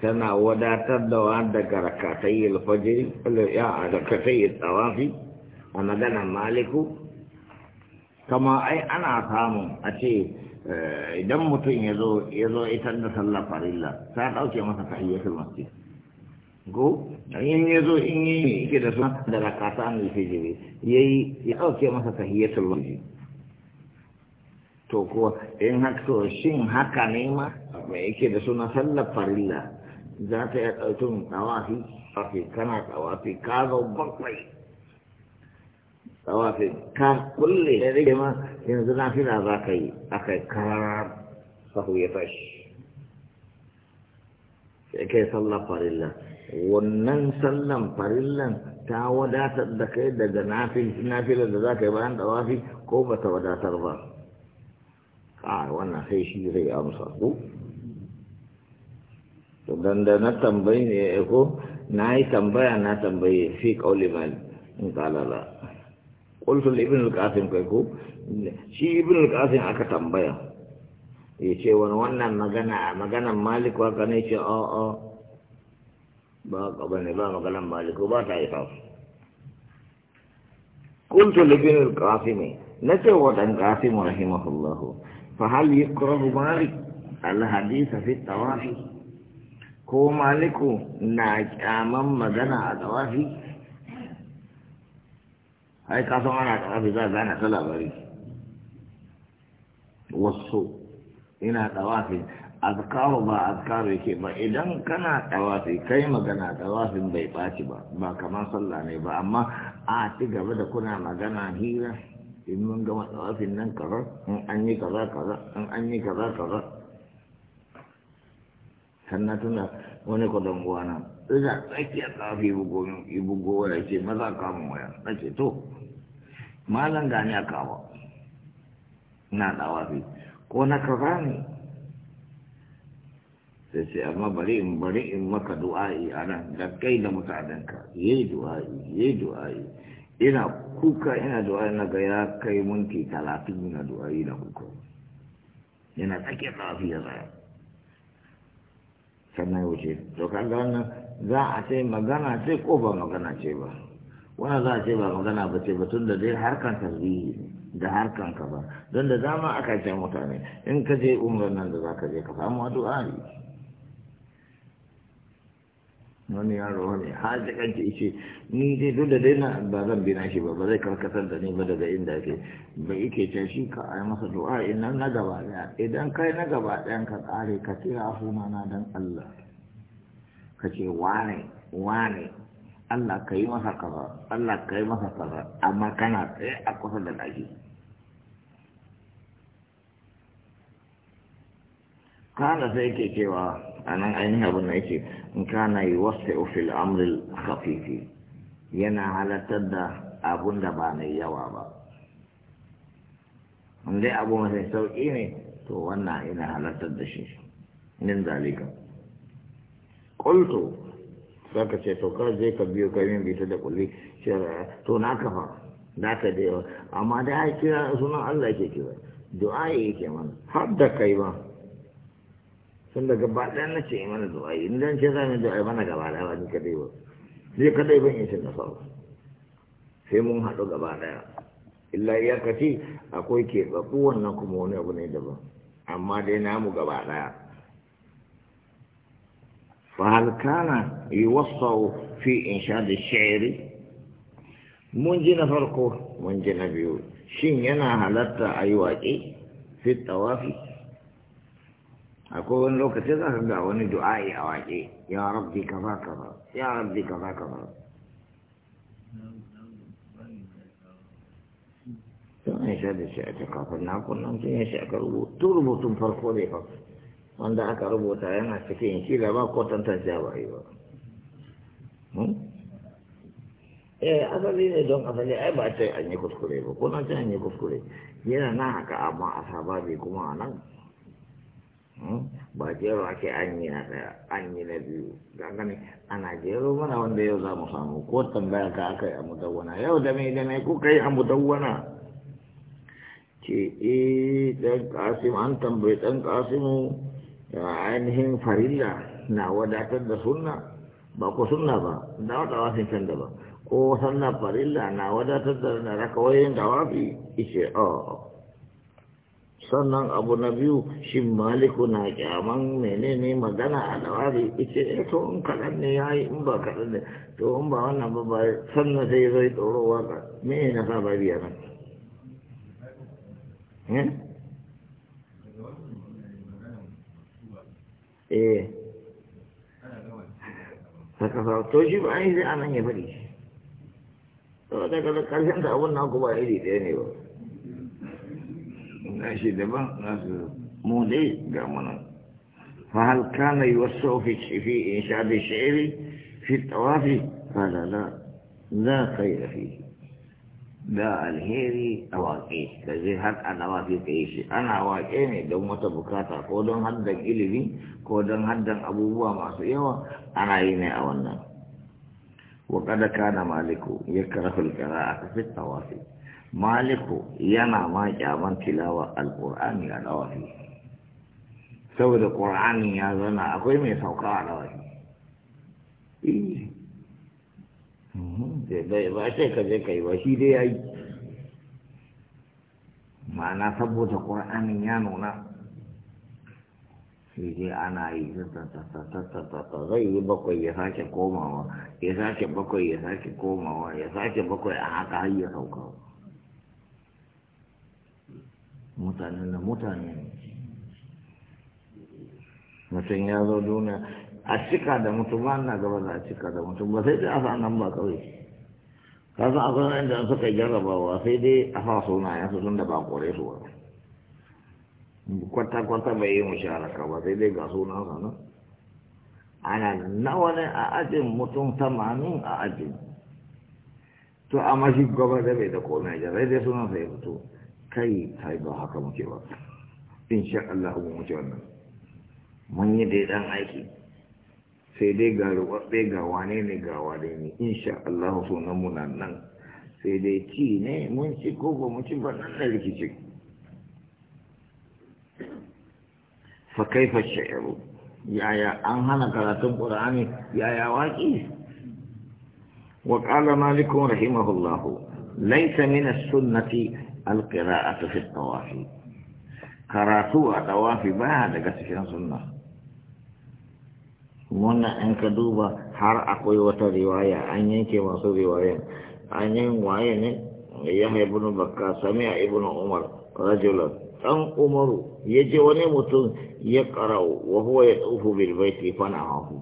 tana wadatar da wanda ga rakatai alfajiri ya rakatai tsawafi a magana maliku kama ai ana samun a ce eh, idan mutum ya zo ya zo ita da sallah farilla ta ɗauke masa tahiyyatul masjid go yin ya zo in yi yake da suna da rakata an alfijiri ya yi ya ɗauke masa tahiyyatul masjid to kuwa in haka shin haka ne ma mai yake da suna sallah farilla za ta iya ɗaukin tsawafi tsawafi kana tsawafi ka zo bakwai tsawafi ka kulle da rike ma yanzu na fila za ka yi aka yi karar sahu ya fashi sai kai sallar farilla wannan sallan farillan ta wadatar da kai daga nafilar da za ka yi bayan tsawafi ko ba ta wadatar ba a wannan sai shi zai amsa ku dan da na tambayi ne ya ko na yi tambaya na tambaye fi ƙauli mali in ibn al-qasim ko ko shi ibn al-qasim aka tambaya ya ce wani wannan magana magana malik wa kana ce a a ba ka bane ba magana malik ba ta yi qul sul ibn al-qasim na ce wa ɗan qasim rahimahullahu fa hal yakrahu malik al-hadith fi tawafi ko maliku na kyaman magana a tsawafi ai kasan ana tsawafi za a ta labari wasu ina tsawafi azkaru ba azkaru yake ba idan kana tsawafi kai magana tsawafin bai ɓaci ba ba kamar sallah ne ba amma a ci gaba da kuna magana hira in mun gama tsawafin nan kaza in an yi kaza kaza in an yi kaza kaza can na tuna wani kwadon gwana ina tsakiyar tsafi bugo bugo waya ce maza kamun waya na ce to malam gani a kawo na dawafi ko na kaza ne sai sai amma bari in bari in maka du'a'i a nan da kai da mutanenka yayi du'a'i yayi du'a'i ina kuka ina du'a'i na ga ya kai minti talatin na du'a'i na kuka yana tsakiyar tsafi ya tsaya sannan wuce to kaga wannan za a ce magana ce ko ba magana ce ba wannan za a ce ba magana ba ce ba tunda da dai harkan tarbiyyi da harkan ka ba don da dama aka ce mutane in ka je umrar da za ka je ka samu addu'a wani yaro ne har da kanta ishe ni dai duk da dai na ba zan bi shi ba ba zai karkatar da ni ba daga inda ke bai ike ce shi ka ai masa du'a ina na gaba daya idan kai na gaba ɗayan ka kare ka ce afuna na dan Allah ka ce wane wane Allah ka yi masa kaza Allah ka yi masa kaza amma kana tsaye a kusa da ɗaki. kana sai yake cewa a nan ainihin abin da yake in kana yi wasu ofil amril hafifi yana halartar da abun da ba mai yawa ba in dai abu mai sauƙi ne to wannan yana halartar da shi nin zalika za zaka ce to ka je ka biyo ka min bita da kulli to na kafa da ka da yawa amma da ya kira sunan Allah ke kira du'a yake mana har da kai ba tun da gaba ɗaya na ce mana zuwa yi ce za mu zuwa mana gaba ba ni kaɗai ba ni kaɗai ban na sai mun haɗu gaba ɗaya illa iya akwai ke ɓaɓu wannan kuma wani abu ne daban amma dai na gaba ɗaya fahalkana kana yi fi in sha da shairi mun ji na farko mun ji na biyu shin yana halatta a yi fi tawafi akwai wani lokacin za ka ga wani du'a'i a waje. ya rabbi ka ba ya rabbi ka ba sun yi sha da shi a ta kafin na kunnan sun yi shi aka rubutu rubutun farko ne ba wanda aka rubuta yana cikin kila ba ko tantance ba yi hmm? ba eh asali ne don asali ai ba a ce an yi kuskure ba ko na ce an yi kuskure yana na haka amma a saba bai kuma a nan Hmm? ba jero ake an yi na na biyu gangane ana jero mana wanda yau za mu samu ko tambaya ka aka yi a mudawwana yau da mai da mai kuka yi a mudawwana ce e ɗan ƙasim an tambayi ɗan ƙasimu ainihin farilla na wadatar da sunna ba ku sunna ba da wata wasin can da ba ko oh, sannan farilla na wadatar da na rakawayin da wafi ishe oh sannan abu na biyu shi maliku na kyaman menene magana a dawari ita ya eh, to in kaɗan ne ya yi in ba kaɗan ne to in ba wannan ba ba sannan sai zai tsoro waka me na sa ba biya nan eh, eh. haka sa to shi ba an yi zai anan ya faɗi to daga karshen da abun na kuma iri ɗaya ne ba ماشي دابا ناس مولي قامنا فهل كان يوسع في في إنشاد الشعر في الطواف قال لا لا خير فيه لا الهيري أواقي كذي هات أنا واقي كيشي أنا واقي دو متى كودن هدن إلي كودن هدن أبو بوا ما سيوا أنا إيني أولنا وقد كان مالك يكره القراءة في الطواف maliku yana ma kyaman tilawa alƙur'ani a lawafi saboda ƙur'ani ya zana akwai mai sauka a lawafi eh. mhm. ba sai ka je ka yi ba shi dai ya yi ma'ana saboda ƙur'anin ya nuna shi dai ana yi ta-ta-ta-ta-ta-ta. zai yi bakwai ya sake komawa ya sake bakwai ya sake komawa ya sake bakwai a haka har ya sauka mutanen da mutane ne mutum ya zo duniya a cika da mutum ba na gaba da a cika da mutum ba sai dai a sa ba kawai ka san akwai wani da suka jarrabawa sai dai a sa sunayen su tun da ba kore su ba kwata-kwata bai yi musharaka ba sai dai ga sunan sa nan ana nawa ne a ajin mutum tamanin a ajin to a shi gaba da bai da komai da dai sunan sai fito kai kai ba haka muke ba in sha Allah mu muke wannan mun yi dai dan aiki sai dai ga rubabbe ga wane ne ga wane ne in sha Allah sunan mu nan nan sai dai ci ne mun ci ko ba mu ci ba nan ne rikici fa kaifa shi'ru yaya an hana karatun qur'ani yaya waki wa qala malikun rahimahullahu laysa min as-sunnati القراءة في الطواف قراتوا طواف بعد قسم سنة wannan an ka duba har akwai wata riwaya an yanke masu riwayan an yin waye ne ya haibunu bakka sami a ibnu umar rajulan dan umaru ya je wani mutum ya karau wa huwa ya tsofu bil baiti fana hahu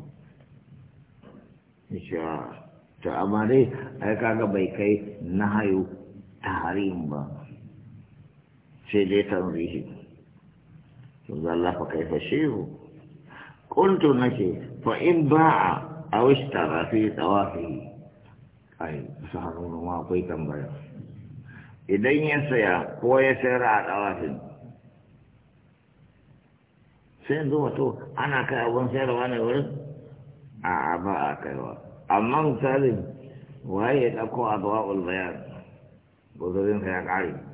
ta ah, amma dai ai kaga bai kai na hayo taharim ba sai dai tanzihi yanzu Allah fa kaifa shehu kuntu nake fa in ba'a aw ishtara fi tawafihi ai saharu ma akwai tambaya idan ya saya ko ya sayar a tawafin sai yanzu wato ana kai abin sayarwa ne wurin a ba a kaiwa amma misalin waye ya ɗauko a ulbayar ulbayan guzurinsa ya ƙare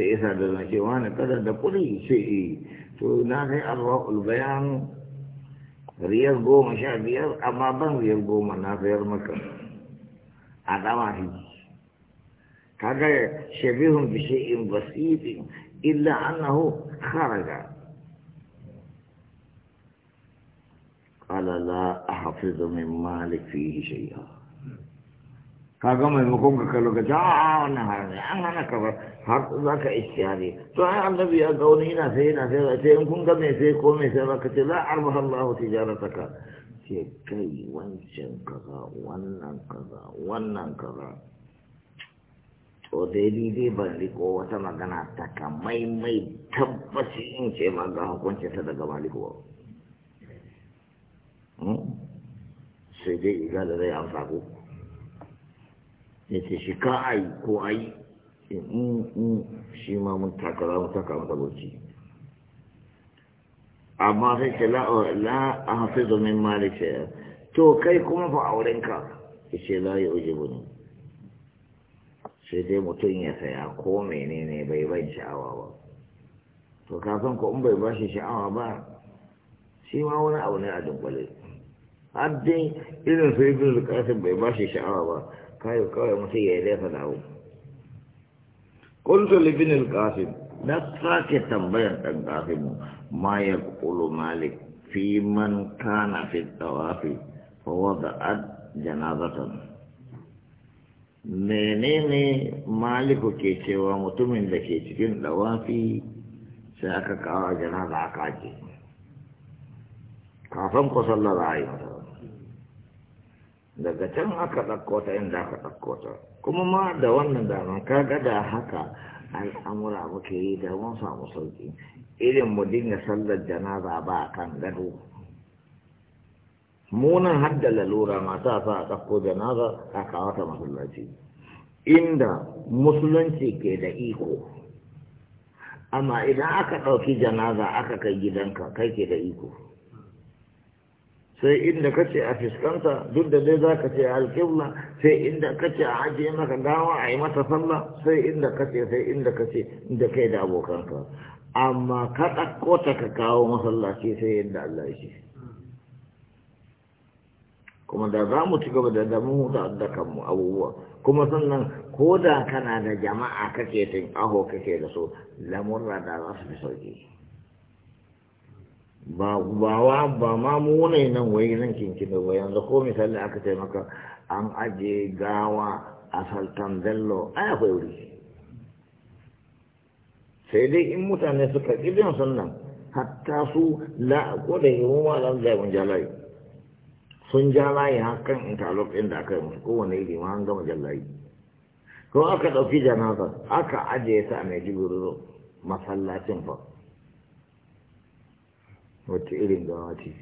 إذا بالمجيوان كذا ده كل شيء تناهي الله البيان ريال بو مشاع بيال أما بان ريال بو منا في المكة هذا ما هي كذا شبيه بشيء بسيط إلا أنه خرج قال لا أحفظ من مالك فيه شيئا kaga maimakon ka kallo ka a wannan harami an hana ka ba har za ka ishtihari to ai annabi ya ga wani yana sai yana sai sai in kun ga mai sai ko mai sai ba ka ce la arbaha Allahu tijarataka ce kai wancan kaza wannan kaza wannan kaza to dai ni dai ban wata magana ta kamai mai tabbaci in ce ma ga hukuncin ta daga malikuwa hmm? sai dai iga da zai amsa ku ya ce shi ka ai ko ai in in shi ma mun takara mu taka masa bauci amma sai ce la a hafi domin malice to kai kuma fa aurenka ya ce la ya uje bune sai dai mutum ya saya ko menene bai ban sha'awa ba to kafin ko in bai ba shi sha'awa ba shi ma wani abu ne a dunkule har dai irin sai bin bai ba shi sha'awa ba kayo kawai mutum ya yi laifa dawo kuntu libin al kafin na sake tambayar dan qasim ma ya qulu malik fi man kana fi tawafi fa wada'at janazatan menene maliku ke cewa mutumin da ke cikin ɗawafi sai aka kawo janaza aka ce kafin ku sallar ayyuka daga can aka ɗauko inda aka ɗauko ta kuma ma da wannan daman kaga da haka al'amura muke yi da mun samu sauƙi irin mu dinga sallar janaza ba a kan gado munan har da lalura mata sa a ɗauko janaza a kawata masallaci inda musulunci ke da iko amma idan aka ɗauki janaza aka kai gidanka kai ke da iko sai inda ka ce a fiskanta duk da dai za ka ce a alƙibla sai inda ka ce a ajiye maka gawa a yi mata salla sai inda ka ce, sai inda ka ce da kai da abokanka amma ka ɗauko ta ka kawo masallaci sai yadda Allah ya ce kuma da za mu ci gaba da damu da addakan mu abubuwa kuma sannan ko da kana da jama'a kake tin aho kake da su, lamurra da za su fi sauki ba wa ba ma mu wani nan wai nan kinkin da yanzu ko misali aka ce maka an aje gawa a saltan bello ai akwai wuri sai dai in mutane suka ƙirin sannan hatta su la ko da yi mu malam zai mun jalayi sun jalayi hakan in ɗin inda aka yi musu kowane iri ma an gama jalayi ko aka ɗauki janaza aka aje ta a mai masallacin fa wacce irin gawa ce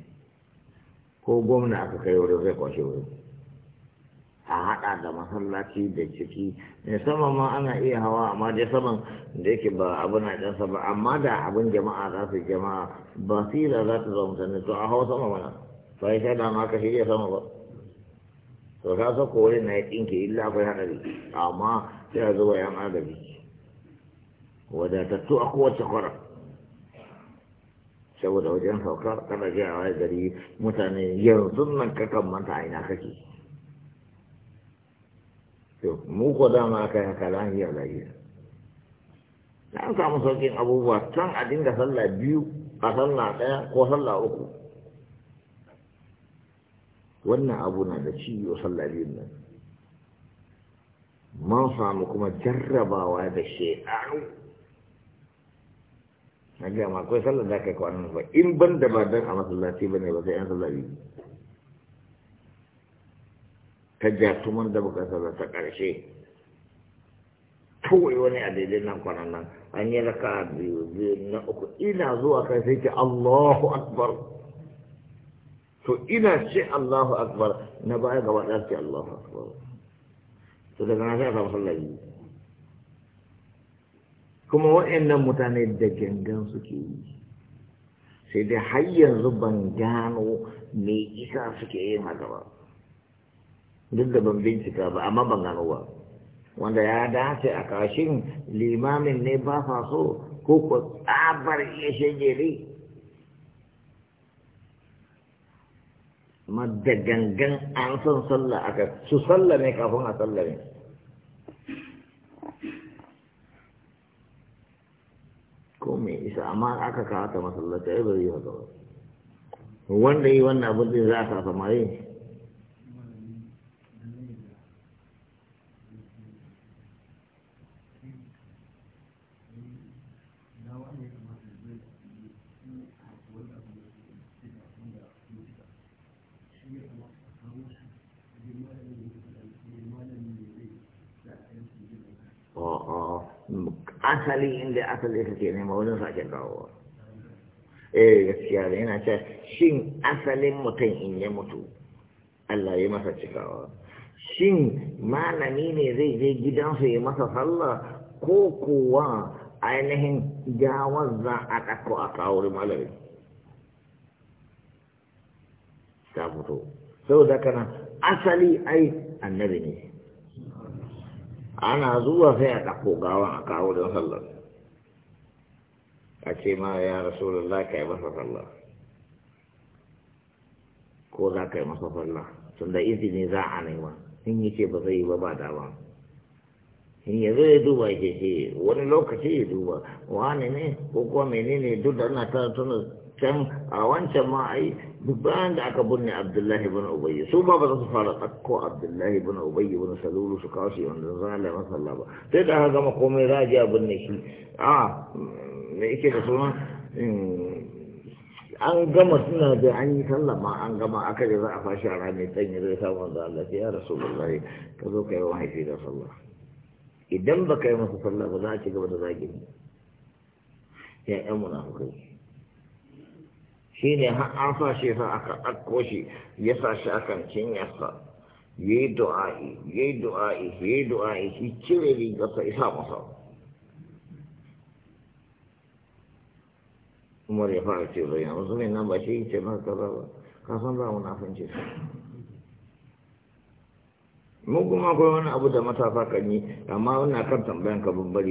ko gwamna aka kai wurin zai kwashe wurin a haɗa da masallaci da ciki ne sama ma ana iya hawa amma dai saman da yake ba abin a ɗansa ba amma da abin jama'a za su jama'a basira za ta zama mutane to a hawa sama mana ba ya shaida ma ka shirya sama ba to ka so ko wani na ya ɗinke illa akwai haɗari amma sai a zuwa yan agaji wadatattu a kowace kwarar saboda wajen saukar kada ga wani gari mutane yanzu nan kan manta a ina kake to mu ko dama aka yi haka lahiyar lahiyar na an samu saukin abubuwa can a dinga sallah biyu a sallah ɗaya ko sallah uku wannan abu na da ciwo sallah biyun nan mun samu kuma jarrabawa da shekaru na ga ma akwai sallar da kai kwanan ba in ban da ba dan a masallaci bane ba sai an sallar yi ja jatuman da buka sallar ta ƙarshe. kawai wani a daidai nan kwanan nan an yi raka biyu biyu na uku ina zuwa kai sai ce Allahu akbar to ina ce Allahu akbar na baya gaba ɗaya ce Allahu akbar to daga na sai a samu sallar yi kuma waɗannan mutane da gangan suke yi sai dai har yanzu ban gano me isa suke yin haka ba duk da ban bincika ba amma ban gano ba wanda ya dace a kashin limamin ne ba sa so ko ko tsabar iya ne amma da gangan an san sallah aka su sallah ne kafin a sallah ne ko mai isa amma aka kawo ta masallaci ai ba zai yi haka ba wanda yi wannan abin zai za a kafa samari asali inda asali kake nema wajen sake dawowa eh gaskiya da yana ce shin asalin mutum in ya mutu Allah ya masa cikawa shin malami ne zai je gidansa ya masa sallah ko kuwa ainihin gawar za a ɗako a kawo malami ta fito sau da kana asali ai annabi ne ana zuwa sai a ɗako gawan a kawo don sallar a ce ma ya za ka yi masa sallah ko za ka yi masa sallah tun da izini za a nema in yi ce ba zai yi ba ba dama in ya zai duba ke ce eh, wani lokaci ya duba wani ne ko kuwa menene duk da ana ta tunan can a wancan ma ai bayan da aka binne abdullahi bin ubayy su ba ba su fara tsakko abdullahi bin ubayy bin salulu su kawo shi wanda zala masalla ba sai da aka gama komai rajiya binne shi a me ike da suna hmm, an gama suna da an yi sallama an gama aka da za a fashi a rami tsanyi zai samu da Allah ya rasu lallai ka zo ka yi wa haifi da sallah idan ba ka yi masa sallah ba za a ci gaba da zagin ya munafukai shi ne har an sa shi sa aka ɗauko shi ya sa shi akan cinyarsa ya yi du'a'i ya yi du'a'i ya yi du'a'i shi cire rigarsa isa masa umar ya fara ce zai yanzu mai nan ba shi ce maka kaza ba ka san ba sa. mu kuma akwai wani abu da matasa kan yi amma wani kan tambayan ka ban ba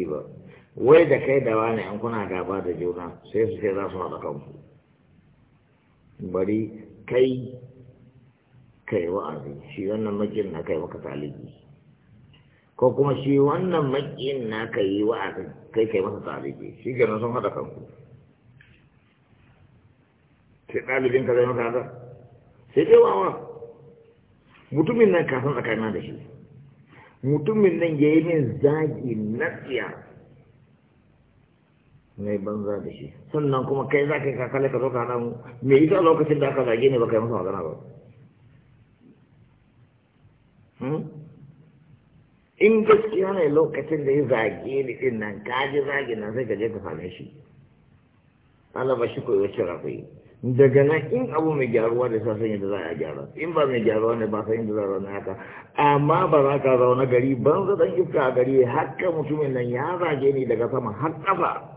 wai da kai da wani an kuna gaba da juna sai su ce za su haɗa kanku bari kai kai wa'azi shi wannan makin na kai maka talibi ko kuma shi wannan makin na kai wa'azi kai kai masa talibi shi gano sun haɗa kanku sai ɗalibin ka zai maka haka sai dai wawa mutumin nan kasan tsakanin da shi mutumin nan ya yi min zagi na tsiyar mai banza da shi sannan kuma kai za ka yi kakale ka zoka nan mai ita lokacin da aka zage ne ba kai masa magana ba hmm? in gaskiya ne lokacin da ya zage ni din nan ka ji zage nan sai ka je ka same shi alaba shi koyo shi rafi daga nan in abu mai gyaruwa da sasan yadda za a gyara in ba mai gyaruwa ne ba san yadda za a zauna haka amma ba za ka zauna gari ban zaton iska a gari haka mutumin nan ya zage ni daga sama har ƙafa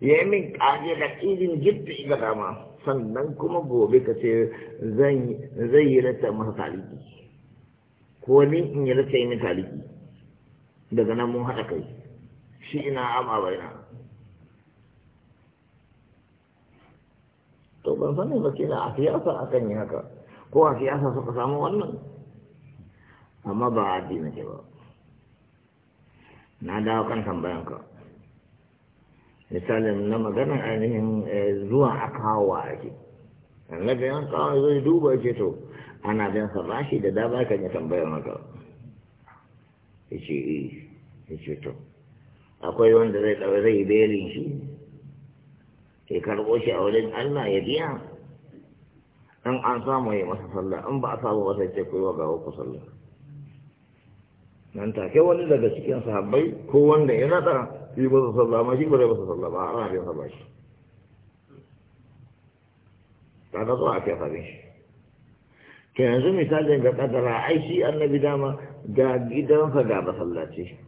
ya yi min ƙage da irin gidda ga dama sannan kuma gobe ka ce zai yi rata masa taliki ko ni in yi rata yi taliki daga nan mun haɗa kai shi ina bai baina to ban sani ba kila a siyasa akan yi haka ko a siyasa suka samu wannan amma ba addini ke ba na dawo kan tambayanka misalin na magana ainihin eh, zuwa a kawo a ake annabi yan kawo zai duba ce to ana bin farashi da da ba kan ya tambaya maka yace eh yace to akwai wanda zai ɗaure zai belin shi ya karɓo shi a wurin Allah ya biya in an samu ya masa sallah in ba a samu wata sai ce ku yi wa sallah nan take wani daga cikin sahabbai ko wanda ya nada shi ba su sallama shi ba zai ba su sallama a ranar yasa ba shi ta zuwa ake farin shi to yanzu misalin ga kadara ai shi annabi dama ga gidansa ga masallaci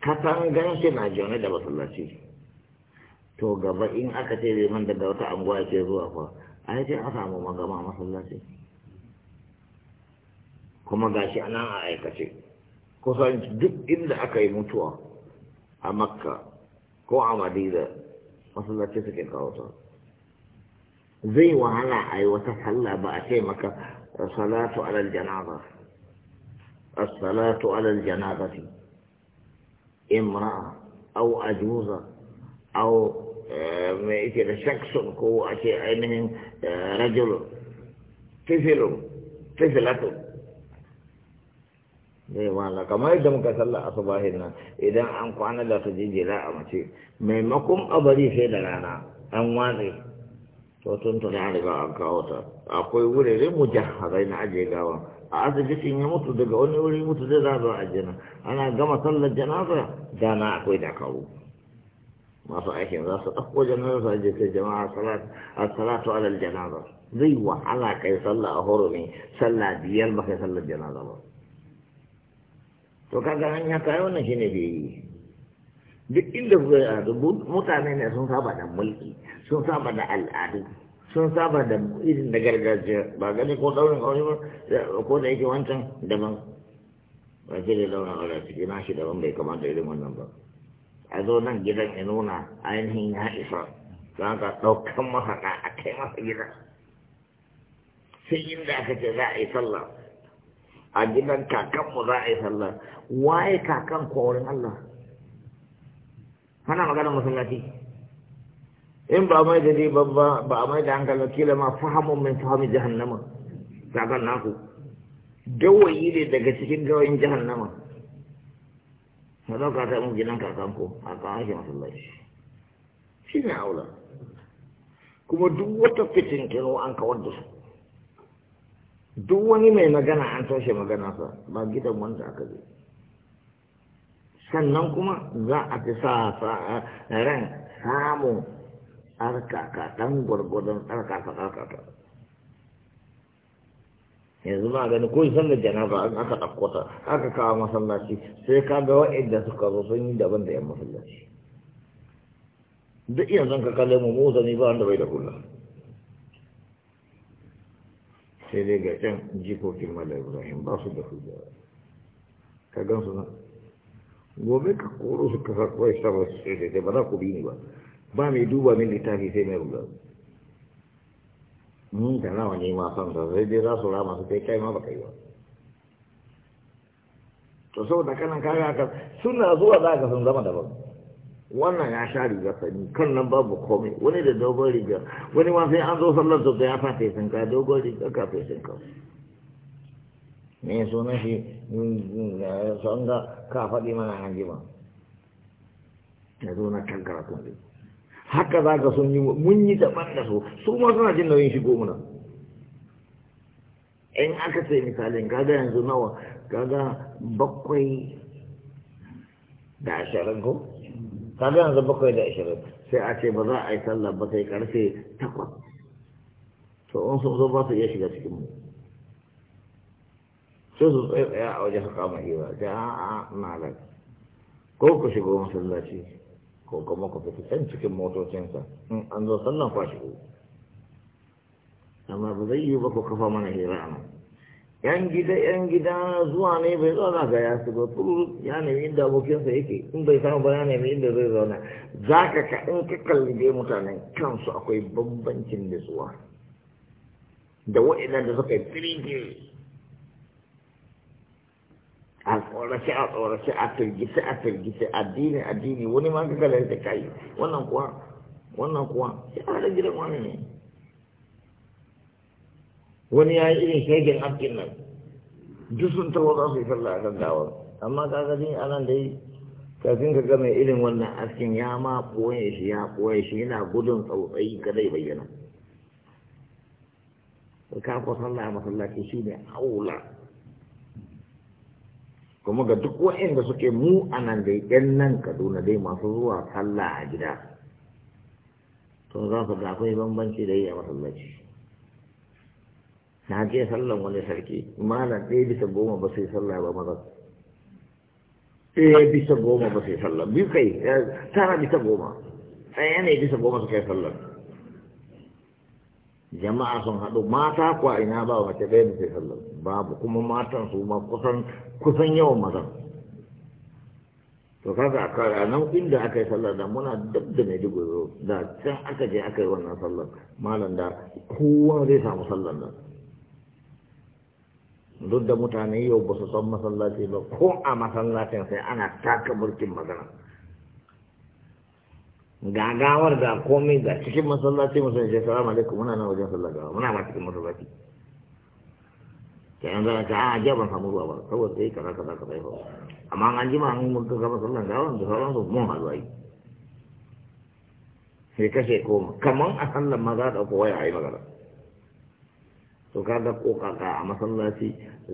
katangan shi na jone da masallaci to gaba in aka ce liman daga wata anguwa ke zuwa fa ai ce a samu magama masallaci kuma gashi anan a aikace kusan duk inda aka yi mutuwa a makka ko a madina masallaci suke kawo ta zai wahala a yi wata sallah ba a ce maka salatu alal janaza as-salatu alal janazati imra'a aw ajuza aw mai yake da shaksun ko a ce ainihin rajul tifilun tifilatun zai eh, wala kamar yadda muka a asubahin nan idan an kwana da su jijjira a mace maimakon a bari sai da rana an watsi to tun tun an riga an kawo ta akwai wurare harai na ajiye gawa a asibitin ya mutu daga wani wuri mutu zai za a jina ana gama sallar janaza dana akwai dakaru masu aikin za su ɗauko janaza je sai jama'a salatu alal janaza zai wahala kai sallah a horo ne sallah biyar ba kai sallar janaza ba to kaga hanya ta yi wannan shine bai yi duk inda zai a mutane ne sun saba da mulki sun saba da al'adu sun saba da irin da gargajiya ba gani ko daurin aure ba ko da yake wancan daban ba shi da daurin aure ciki na shi daban bai kamata irin wannan ba a zo nan gidan ya nuna ainihin ya isa za ka ɗaukan mahaɗa a kai masa gida sai inda aka ce za a yi sallah a gidan kakanmu za a yi sallah waye kakan kwarin Allah Kana magana masallaci in ba mai da babba ba a mai da hankali kila ma fahimun min fahimun jahannama kakan naku gawayi ne daga cikin gawayin jahannama na ɗauka ta mu gidan kakanku a kan ake masallaci shi ne aula kuma duk wata fitin kiro an kawar da su duk wani mai magana an magana maganarsa ba gidan wanda aka zai sannan kuma za a fi sa ran samun tsarkaka ɗan gwargwadon tsarkaka tsarkaka yanzu ba gani ko san da janaba an aka ɗaukota aka kawo masallaci sai ka ga wa'inda suka zo sun yi daban da yan masallaci duk yanzu ka kalle mu mu zani ba wanda bai da kula sai dai ga can jikokin mala ibrahim ba su da hujja ka gan su nan gobe ka koro su ka farko ya saba su sai dai ba za ku bi ni ba ba mai duba min littafi sai mai rubar mun da nawa ne ma san sa sai dai za su rama su kai kai ma ba kai ba to saboda kanan kaga haka suna zuwa za ka sun zama daban wannan ya sha riga sani kan nan babu komai wani da dogon riga wani ma sai an zo sallar da ya fata ya sinka dogon riga ka fai sinka me na shi sun ga ka faɗi mana an ba ya zo na kan karatun da haka za ka sun yi mun yi daban da su su ma suna jin nauyin shigo muna in aka ce misalin kaga yanzu nawa kaga bakwai da ashirin ko kaga yanzu bakwai da ashirin sai a ce ba za a yi sallah ba sai karfe takwas to in sun zo ba su iya shiga cikin mu sai su tsaye tsaye a wajen haka mai ba sai a a malam ko ku shigo masallaci ko kuma ku fita can cikin motocinsa in an zo sallan kwa shigo amma ba zai yi ba ku kafa mana hira a nan yan gida yan gida zuwa ne bai zauna ga ya su ba turu ya nemi inda abokinsa yake in bai samu ba ya nemi da zai zauna za ka ka in ka kalli mutane mutanen kansu akwai bambancin zuwa da waɗannan da suka yi firige a tsorace a tsorace a firgice a firgice addini addini wani ma ka kalli da kai wannan kuwa wannan kuwa sai a gidan wani ne wani ya yi irin shagen afkin nan duk sun tawo za su yi sallah a kan gawar amma ka gani a nan dai kafin ka game irin wannan askin ya ma ɓoye shi ya ɓoye shi yana gudun tsautsayi ka bayyana ka ku sallah a masallaci shi ne aula kuma ga duk waɗanda suke mu a nan dai 'yan nan kaduna dai masu zuwa sallah a gida to za su ga akwai bambanci da yi a masallaci na je sallan wani sarki malam ɗaya bisa goma ba sai sallah ba maza ɗaya bisa goma ba sai sallah biyu kai tara bisa goma ɗaya ne bisa goma su kai sallah jama'a sun haɗu mata kuwa ina ba mace ɗaya bisa sallah babu kuma matan su ma kusan kusan yawan maza. to kaga a nan inda aka yi sallar da muna duk da mai dubu da can aka je aka yi wannan sallar malam da kowa zai samu sallar nan duk da mutane yau ba su san masallaci ba ko a masallacin sai ana taka mulkin magana gagawar da komai ga cikin masallaci musulun shi salamu alaikum muna nan wajen sallar gawa muna ma cikin masallaci kayan zana ta a ah, jiya samu ruwa ba saboda sai kaza kaza kaza ba amma an jima an mulkin gama sallar gawa da su mun halwayi sai kashe koma kamar a sallar maza da kowa ya yi magana to kaga ko kaka a masallaci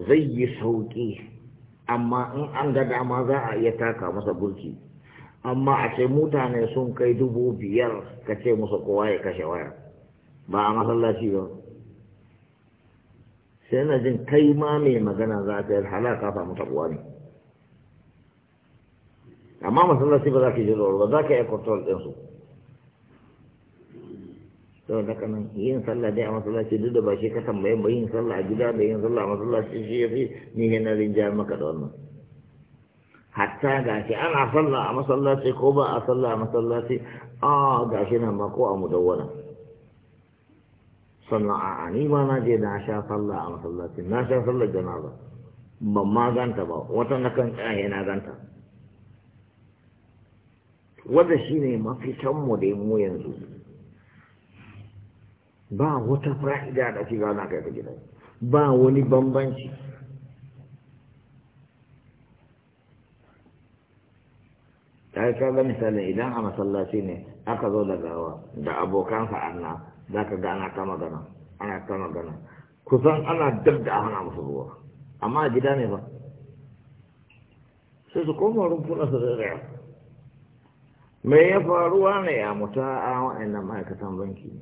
zai yi sauki amma in an ga dama za a iya taka masa burki amma a ce mutane sun kai dubu biyar ka ce musu kowa ya kashe waya ba a masallaci ba sai na jin kai ma mai magana za ka yi halaka samu tabuwa ne amma masallaci ba za ka ji tsoro ba za ka yi control ɗinsu sau da kanan yin sallah dai a masallaci duk da ba shi ka tambayin ba yin sallah a gida da yin sallah a masallaci shi ya fi ni yana rinjayar maka da wannan hatta gashi ana sallah a masallaci ko ba a sallah a masallaci a gashi nan ba ko a mudawwana sannan a ni ma na je na sha sallah a masallaci na sha sallah janaza ban ma ganta ba wata na kan tsaye na ganta wanda shine mafitan mu da mu yanzu ba wata fa'ida da ake gana kai ka gidan ba wani bambanci ta yi kaga misali idan a masallaci ne aka zo da gawa da abokan fa'anna za ka ga ana ta magana ana ta magana kusan ana dab da hana musu ruwa amma gida ne ba sai su koma rumfuna su zai me ya faruwa ne a mutu a wa'annan ma'aikatan banki ne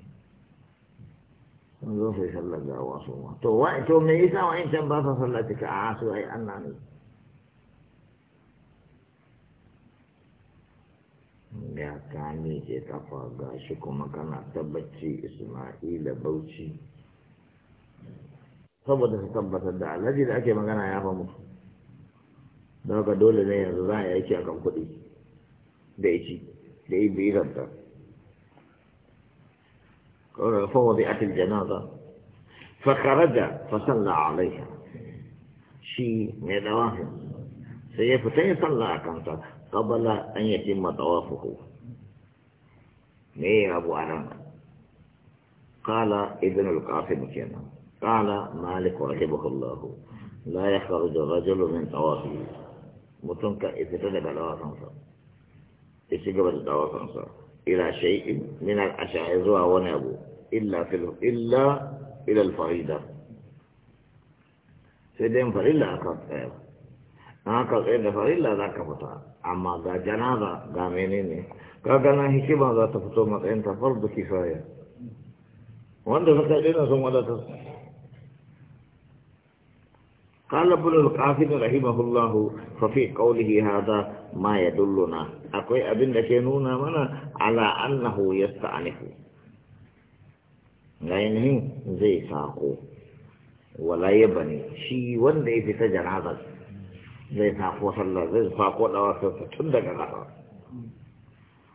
sun zo sai sallar gawa su ma to wa to me yasa wa in can ba sa sallar cika a su ai Allah ne ya ta miƙe kafa ga shi kuma kana tabbaci Isma'ila Bauchi saboda su tabbatar da alhaji da ake magana ya fa mu. don haka dole ne yanzu za a yi aiki akan kuɗi da ya ci da ya bi ranta فوضعت الجنازة فخرج فصلى عليها شيء من واحد سيفتي صلى قبل أن يتم طوافه مي أبو عرم قال ابن القاسم كنا قال مالك رحمه الله لا يخرج الرجل من طوافه متنك إذا تنبع لواسنسا إذا تنبع لواسنسا إلى شيء من الأشاعر ونابو إلا في إلا إلى الفريدة سيدين فريلا أكاد خير أكاد خير فريلا ذاك فتا أما ذا جنازة ذا منيني كأنا هكما ذا تفتو مطعين تفرض كفاية وأنت فكرين ثم لا تفتو قال ابن القاسم رحمه الله ففي قوله هذا ما يدلنا أقوي أبن لكينونا منا على أنه يستعنف لأنه زي ساقو ولا يبني شي وندي في تجنازة زي ساقو صلى زي ساقو الأواسط تندك غفر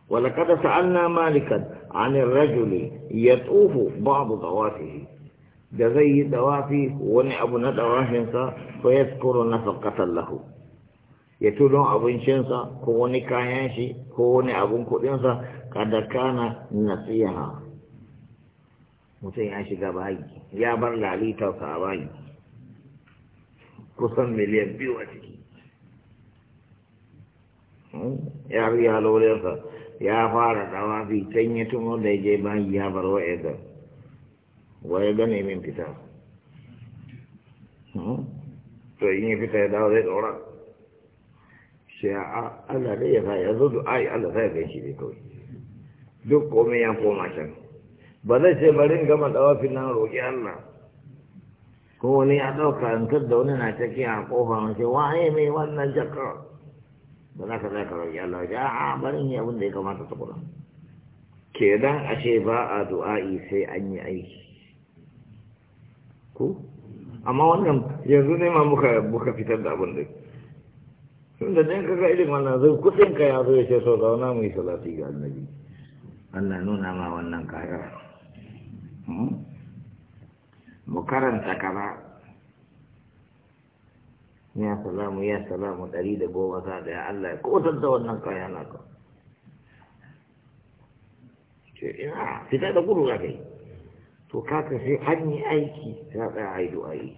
ولقد سألنا مالكا عن الرجل يطوف بعض ضواته da zai yi dawafi wani abu na dawafinsa ko ya tsoro na fakatan lahu ya tudon abincinsa ko wani kayan shi ko wani abin kudinsa kada kana nasiha mutum ya shiga bayi ya bar lalitarsa a bayi kusan miliyan biyu a ciki hmm? ya riya lauriyarsa ya fara dawafi can ya tuno da ya je bayi ya bar wa'adar waye gane min fita hmm? to in ya fita ya dawo zai ɗora sai a Allah dai ya sa ya zo du'a ya Allah sai ya gan shi dai kawai duk komai ya koma can ba zai ce bari in gama dawafin nan roƙi Allah ko wani ya ɗauka in kar da wani na ciki a ƙofa mace waye mai wannan jaka ba za ka za ka roƙi Allah ya a barin yi abin da ya kamata ta kula kenan ashe ba a du'a'i sai an yi aiki ko amma wannan yanzu ne ma muka muka fitar da abin da sun da ɗan kaga irin wannan zai kuɗin ka ya zo ya ce so zauna mu yi salati ga annabi Allah nuna ma wannan kaya hmm? mu karanta kaza ya salamu ya salamu ɗari da goma sa ya Allah ya kotar da wannan kaya na ka ce ina fita da gudu za ka to kaka sai an yi aiki ta tsaya a yi du'ayi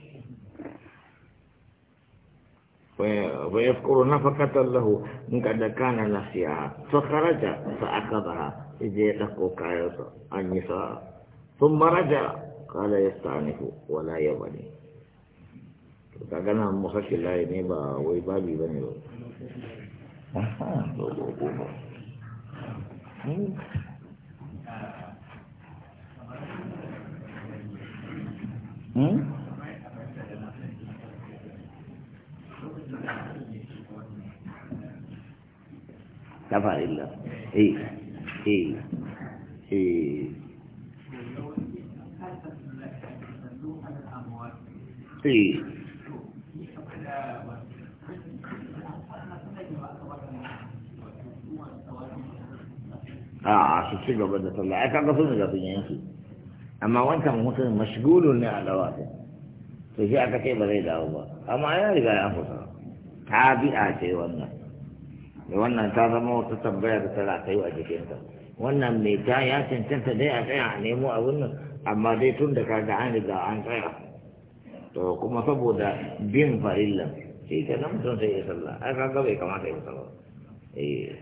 wa yafkuru nafaqatan lahu in kada kana nasiha fa kharaja fa akadha idza yaqo kayasa an yisa thumma raja qala yastanihu wa la yabani to kaga nan musakkil lai ne ba wai babi ba ne ba. kafa illa eh eh eh a su ci gaba da sallah ai kaga sun ga sun yanki amma wancan mutum mashgulun ne a lawafin to shi aka ce ba zai dawo ba amma ya riga ya fusa tabi'a ce wannan da wannan ta zama wata tambaya da ta kai a jikinta wannan mai ta ya cancanta dai a tsaya a nemo abin nan amma dai tun da kaga an riga an tsaya to kuma saboda bin farillan shi ke nan mutum sai ya sallah ai kaga bai kamata ya sallah eh